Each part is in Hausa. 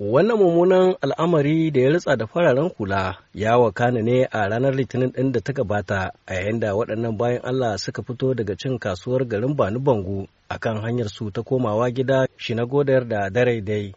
Wannan mummunan al'amari da ya ritsa da fararen kula ya wakana ne a ranar litinin ɗin da ta gabata a yayin da waɗannan bayan Allah suka fito daga cin kasuwar garin Banu Bangu a kan hanyar su ta komawa gida shi na godar da dare dai.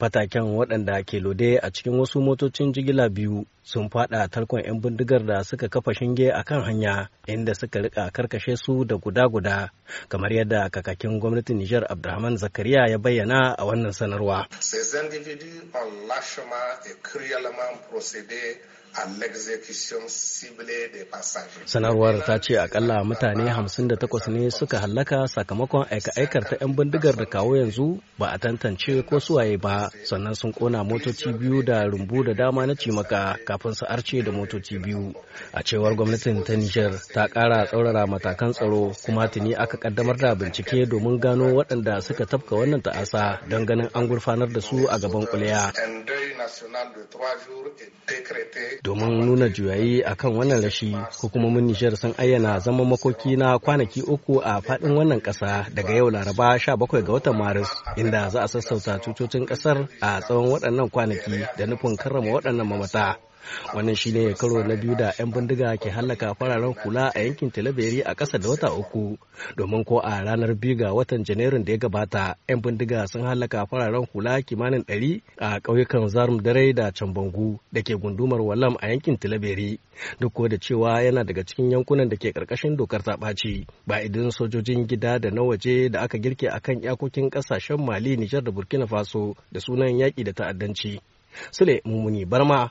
Fataken waɗanda ke lode a cikin wasu motocin jigila biyu sun faɗa tarkon 'yan bindigar da suka kafa shinge a kan hanya inda suka riƙa karkashe su da guda-guda kamar yadda kakakin gwamnatin Nijar Abdulrahman Zakariya ya bayyana a wannan sanarwa. Sanarwar ta ce akalla mutane 58 ne suka hallaka sakamakon aika-aikar ta 'yan bindigar da kawo yanzu ba a tantance ko suwaye ba sannan sun kona motoci biyu da rumbu da dama na cimaka kafin su arce da motoci biyu. A cewar gwamnatin ta Nijar ta kara tsaurara matakan tsaro kuma tuni aka aka kaddamar da bincike domin gano waɗanda suka tafka wannan ta'asa don ganin an gurfanar da su a gaban kuliya. Domin nuna juyayi a kan wannan rashi, hukumomin Nijar sun ayyana zama makoki na kwanaki uku a faɗin wannan ƙasa daga yau Laraba 17 ga watan Maris, inda za a sassauta tutocin ƙasar a tsawon waɗannan kwanaki da nufin karrama waɗannan mamata. wannan shine karo na biyu da 'yan bindiga ke hallaka fararen kula a yankin talabiri a ƙasa da wata uku domin ko a ranar biyu ga watan janairun da ya gabata 'yan bindiga sun hallaka fararen kula kimanin 100 a ƙauyukan zarum dare da cambangu da ke gundumar walam a yankin talabiri duk ko da cewa yana daga cikin yankunan da ke ƙarƙashin dokar ta ba idan sojojin gida da na waje da aka girke akan iyakokin ƙasashen mali nijar da burkina faso da sunan yaƙi da ta'addanci sule mummuni barma